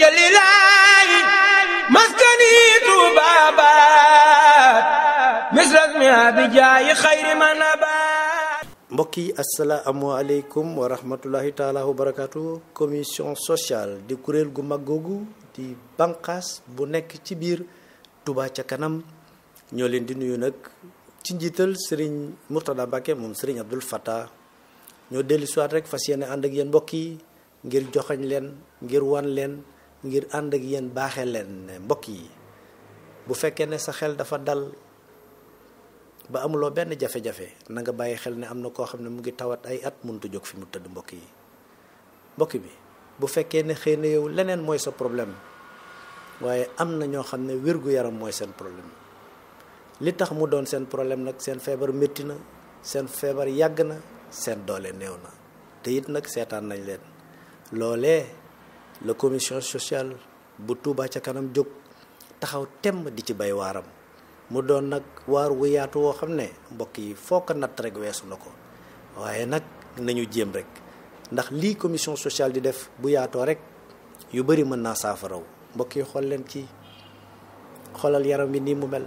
jëlilaay mbokk yi assalaamu aleykum wa rahmatullahi taala barakaatu commission sociale di kuréel gu mag googu di banqaas bu nekk ci biir Tuuba ca kanam ñoo leen di nuyu nag ci njiital sëriñ Mourtada Mbacke moom Serigne Abdoul Fattah ñoo dellu siwaat rek fas yéene ànd ak yéen mbokk yi ngir joxañ leen ngir wan leen ngir ànd ak yéen baaxee leen ne mbokk yi bu fekkee ne sa xel dafa dal ba amuloo benn jafe-jafe na bàyyi xel ne am na koo xam ne mu ngi tawat ay at mënut a jóg fi mu tëdd mbokk yi mbokk bi bu fekkee ne xëy na yow leneen mooy sa problème waaye am na ñoo xam ne wér-gu-yaram mooy seen problème li tax mu doon seen problème nag seen feebar métti na seen feebar yàgg na seen doole néew na te it nag seetaan nañ leen loolee la commission sociale bu Touba ca kanam jóg taxaw temm di ci bay waaram mu doon nag waar wu yaatu woo xam ne mbokk yi foo ko natt rek weesu na ko waaye nag nañu jéem rek ndax lii commission sociale di def bu yaatoo rek yu bari mën naa saafaraw mbokk yi xool leen kii xoolal yaram wi nii mu mel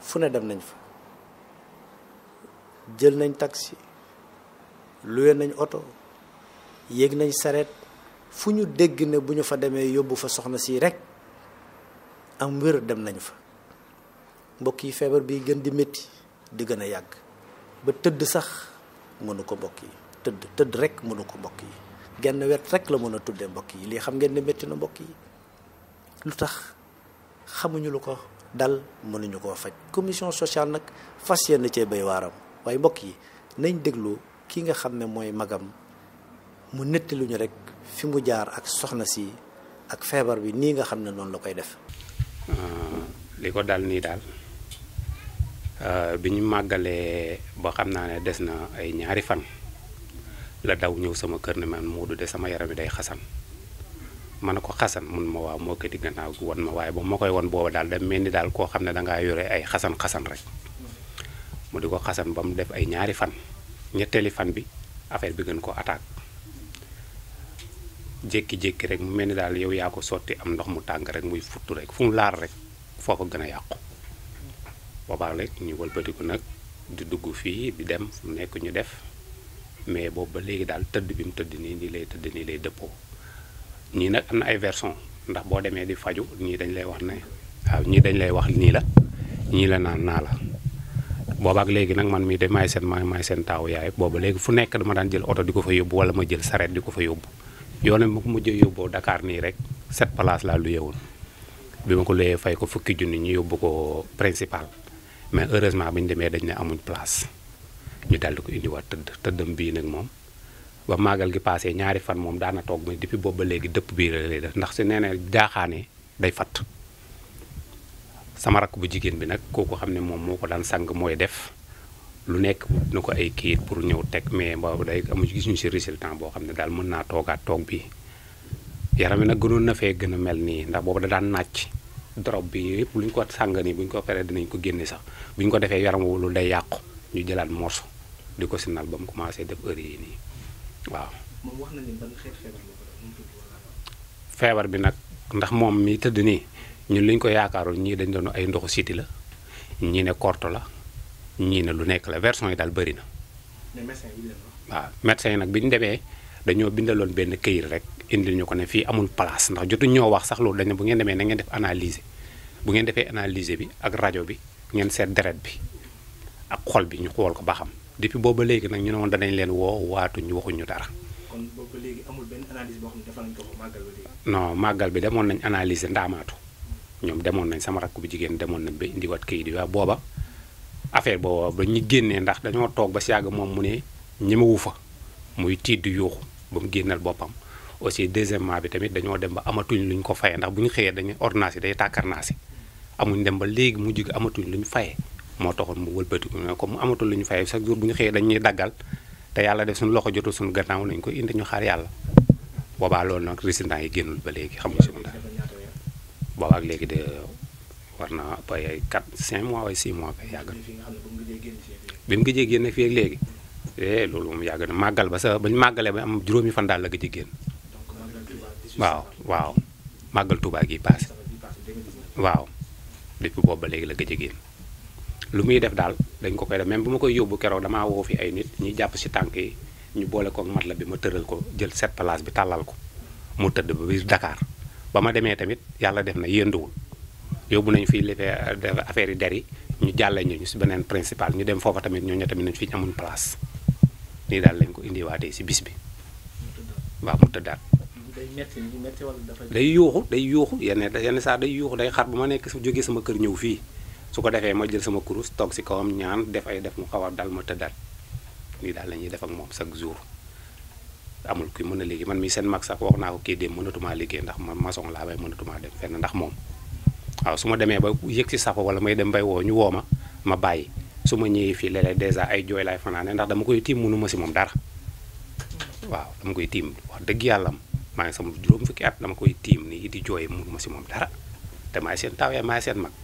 fu ne dem nañ fa jël nañ taxi luwe nañ oto yéeg nañ sareet fu ñu dégg ne bu ñu fa demee yóbbu fa soxna si rek am wér dem nañu fa mbokk yi feebar bi gën di métti di gën a yàgg ba tëdd sax mënu ko mbokk yi tëdd tëdd rek mënu ko mbokk yi genn wet rek la mën a tuddee mbokk yi lii xam ngeen ne métti na mbokk yi lu tax xamuñu lu ko dal mënuñu koo faj commission sociale nag fas yéene cee bay waaram waaye mbokk yi nañ déglu ki nga xam ne mooy magam mu nettaluñu rek fi mu jaar ak soxna si ak feebar bi nii nga xam ne noonu la koy def. Euh, li ko dal nii daal euh, bi ñu màggalee ba xam naa ne des na ay ñaari fan la daw ñëw sama kër na man Moodu de sama yaram yi day xasan ma ne ko xasan mun ma waaw moo ko di gannaaw won ma waaye ba ma koy won booba daal dem mel ni daal koo xam ne dangaa yore ay xasan xasan rek mu di ko xasan ba mu def ay ñaari fan ñetteeli fan bi affaire bi gën ko attaque. jékki-jékki rek mu mel ni daal yow yaa ko sotti am ndox mu tàng rek muy futtu rek fu mu laar rek foo ko gën a yàqu boobaa rek ñu walbatiku nag dugg fii dem fu nekk ñu def mais boobu ba léegi daal tëdd bi mu tëdd nii nii lay tëdd nii lay dëppoo ñii nag am na ay version ndax boo demee di faju ñii dañ lay wax ne waaw dañ lay wax nii la ñii la naan naa la boobaak léegi nag man mii de maay seen maay seen taawu yaay booba léegi fu nekk dama daan jël oto di ko fa yóbbu wala ma jël saret di ko fa yóbbu yoonam ma ko mujjee yóbboo Dakar nii rek sept place laa luyee woon bi ma ko luyee fay ko fukki junni ñu yóbbu ko principal mais heureusement bi ñu demee dañ ne amuñ place ñu daldi ko indiwaat tëdd tëddam bii nag moom ba màggal gi passé ñaari fan moom daana toog mais depuis boobu ba léegi dëpp bii la lay def ndax su neeneen ne jaaxaane day fatt sama rakk bu jigéen bi nag kooku xam ne moom moo ko daan sang mooy def lu nekk na ko ay kayit pour ñëw teg mais boobu day amu gisuñu si résultat boo xam ne daal mën naa toogaat toog bi yaram wi nag gënoon na fee gën a mel nii ndax boobu da daan nàcc drop bi yëpp lu ñu ko sàng nii bu ñu ko paree dinañ ko génne sax bu ñu ko defee yaram wu lu day yàqu ñu jëlaat morso di ko si sinal ba mu commencé def heure yi nii waaw. feebar bi nag ndax moom mi tëdd nii ñun li ko yaakaaroon ñii dañ doon ay ndoxu siti la ñii ne korto la. ñii ne lu nekk la version yi daal bari na. waaw médecin yi nag bi ñu demee dañoo bindaloon benn këyit rek indi ñu ko ne fii amul place ndax jotuñ ñoo wax sax loolu dañu bu ngeen demee na ngeen def analyse bu ngeen defee analyse bi ak rajo bi ngeen seet deret bi ak xol bi ñu xool ko ba xam depuis booba léegi nag ñu ne woon danañ leen woo waatuñ waxuñ ñu dara. kon boobu non màggal bi demoon nañ analyser ndaamaatu ñoom demoon nañ sama rakk bu jigéen demoon nañ ba indiwaat këyit yi waaw booba affaire booba ba ñu génnee ndax dañoo toog ba si yàgg moom mu ne ñemewu fa muy tiit di yuuxu ba mu génnal boppam aussi deuxièmement bi tamit dañoo dem ba amatuñ lu ñu ko fayee ndax bu ñu xëyee dañuy ordonnance yi day tàkkarnaase amuñ dem ba léegi mu jig amatuñ lu ñu fayee moo taxoon mu wëlbati comme mu amatul lu ñu fayee chaque jour bu ñu xëyee dañuy daggal te yàlla def suñu loxo jotul suñu gannaaw nañ ko indi ñu xaar yàlla boobaa loolu nag résidents yi génnul ba léegi xamuñ si moom dara boobaak léegi war naa bay ay 4 5 mois wala 6 mois kay yàgg na. bi mu gëjee génn fii ak léegi. eh loolu moom yàgg na màggal ba sa ba màggalee ba am juróomi fan daal la gëj a génn. waaw màggal Tuubaa gi paase. waaw depuis ba léegi la gëj a lu muy def daal dañ ko koy def même bu ma koy yóbbu keroog damaa woo fi ay nit ñuy jàpp si tànk yi ñu boole ko mat la bi ma tëral ko jël set place bi tàllal ko mu tëdd ba biir Dakar ba ma demee tamit yàlla def na yënduwul. yóbbu nañu fii li affaire yi der yi ñu jàlle ñu si beneen principal ñu dem foofa tamit ñooñu tamit nañu fi amun place daal lañ ko indiwaatee si bis bi waaw mu tëddaat day yuuxu day yuuxu yenn yenn saa day yuuxu day xar bu ma nekk su jógee sama kër ñëw fii su ko defee ma jël sama kurus toog kawam ñaan def ay def mu xaw a dal ma tëddaat nii daal la ñuy def ak moom chaque jour amul kuy mën a liggéey man mi seen mag sax wax naa ko kii dem mënatumaa liggéey ndax ma maçon laa waaye mënatumaa dem fenn ndax moom waaw su ma demee ba yëg si safa wala may dem bay woo ñu woo ma ma bàyyi su ma ñëwee fii léeg-léeg dèjà ay jooy laay fanaane ndax dama koy tiim mënu ma si moom dara waaw dama koy tiim wax dëgg yàlla maa ngi sama juróom fukki dama koy tiim nii di jooy mënu ma moom dara te maay seen taw maay seen mag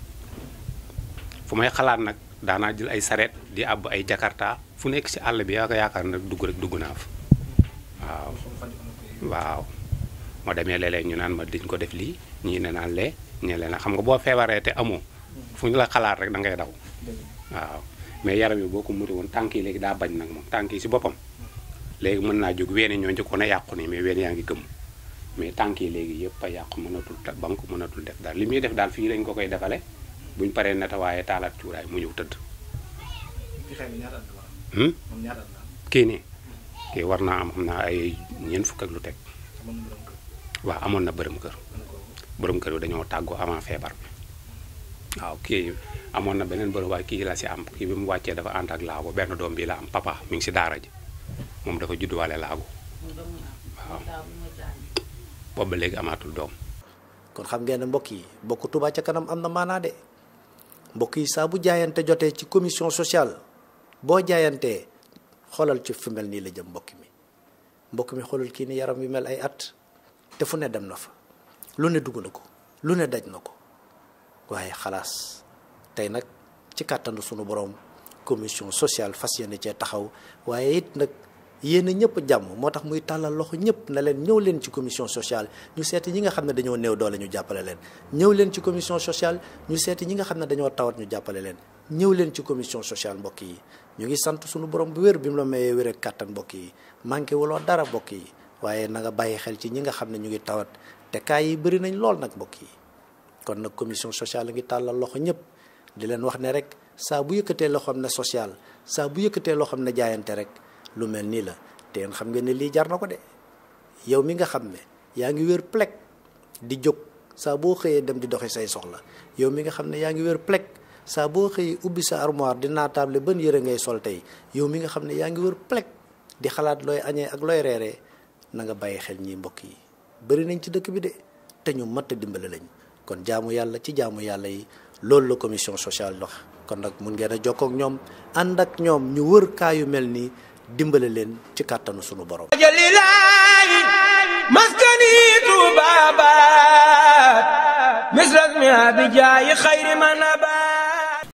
fu may xalaat nag daanaa jël ay sareet di àbb ay jakarta fu nekk si àll bi yaaka yaakaar nag dugg rek dugg naa fa waaw waaw moo demee léeg ñu naan ma diñ ko def lii ñii ne naan lee ñu leen xam nga boo feebaree te amoo fu ñu la xalaat rek da ngay daw waaw mais yaram yi boo ko muti woon tànk yi léegi daa bañ nag moom tànk yi si boppam léegi mën naa jóg ween ñoo njëkkoon a yàqu ni mais ween yaa ngi gëm mais tànk yi léegi yëpp a yàqu mënatul bank mënatul def daal li muy def daal fii lañ ko koy defale buñ paree nata waaye taalaat cuuraay mu ñëw tëdd hmm? kii nii kii war naa am xam naa ay ñeent fukk ak lu teg waa amoon na bërëm kër borom kër bi dañoo tàggu avant feebar bi waaw kii amoon na beneen borom waaye kii la si am kii bi mu wàccee dafa ànd ak laago benn doom bi la am papa mi ngi si daara ji moom dafa judduwaale laago waaw boobu léegi amaatul doom. kon xam ngeen ne mbokk yi mbokk Touba ca kanam am na maanaa de mbokk yi saa bu jaayante jotee ci commission sociale boo jaayantee xoolal ci fu mel nii la jëm mbokk mi mbokk mi xoolal kii ni yaram wi mel ay at te fu ne dem na fa. lu ne dugg na ko lu ne daj na ko waaye xalaas tey nag ci kàttanu sunu borom commission sociale fas yéene cee taxaw waaye it nag yéen a ñëpp jàmm moo tax muy tàllal loxo ñëpp na leen ñëw leen ci commission sociale ñu seeti ñi nga xam ne dañoo new doole ñu jàppale leen ñëw leen ci commission sociale ñu seeti ñi nga xam ne dañoo tawat ñu jàppale leen ñëw leen ci commission sociale mbokk yi ñu ngi sant suñu borom bu wér bi mu la mayee wér ak kàttan mbokk yi manqué waloo dara mbokk yi waaye na nga bàyyi xel ci ñi nga xam ne ñu ngi tawat te kaay yi bëri nañ lool nag mbokk yi kon nag commission sociale ngi tàllal loxo ñëpp di leen wax ne rek saa bu yëkkatee loo xam ne social saa bu yëkkatee loo xam ne jaayante rek lu mel nii la te yéen xam nga ne lii jar na ko de yow mi nga xam ne yaa ngi wér plek di jóg saa boo xëyee dem di doxi say soxla yow mi nga xam ne yaa ngi wér plek saa boo xëyee ubbi sa armoire di naataable ban yëre ngay sol tey yow mi nga xam ne yaa ngi wér plek di xalaat looy añee ak looy reeree na nga bàyyi xel ñii mbokk yi bëri nañ ci dëkk bi de te ñu mat a dimbale lañ kon jaamu yàlla ci jaamu yàlla yi loolu la commission sociale dox kon nag mun ngeen a jokkoo ak ñoom ànd ak ñoom ñu wër kaa yu mel nii dimbale leen ci kàttanu sunu borom. maskanitu baabaat misras mi